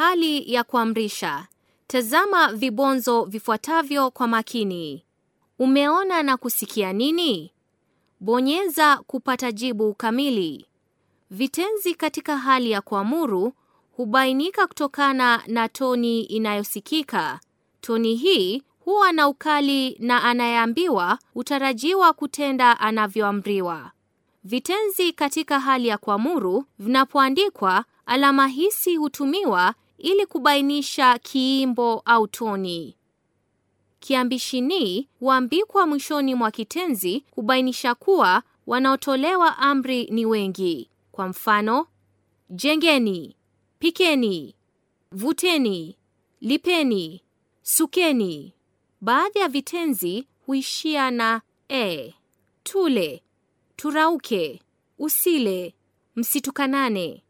Hali ya kuamrisha. Tazama vibonzo vifuatavyo kwa makini. Umeona na kusikia nini? Bonyeza kupata jibu kamili. Vitenzi katika hali ya kuamuru hubainika kutokana na toni inayosikika. Toni hii huwa na ukali na anayeambiwa hutarajiwa kutenda anavyoamriwa. Vitenzi katika hali ya kuamuru vinapoandikwa, alama hisi hutumiwa ili kubainisha kiimbo au toni. Kiambishi ni huambikwa mwishoni mwa kitenzi kubainisha kuwa wanaotolewa amri ni wengi. Kwa mfano, jengeni, pikeni, vuteni, lipeni, sukeni. Baadhi ya vitenzi huishia na e: tule, turauke, usile, msitukanane.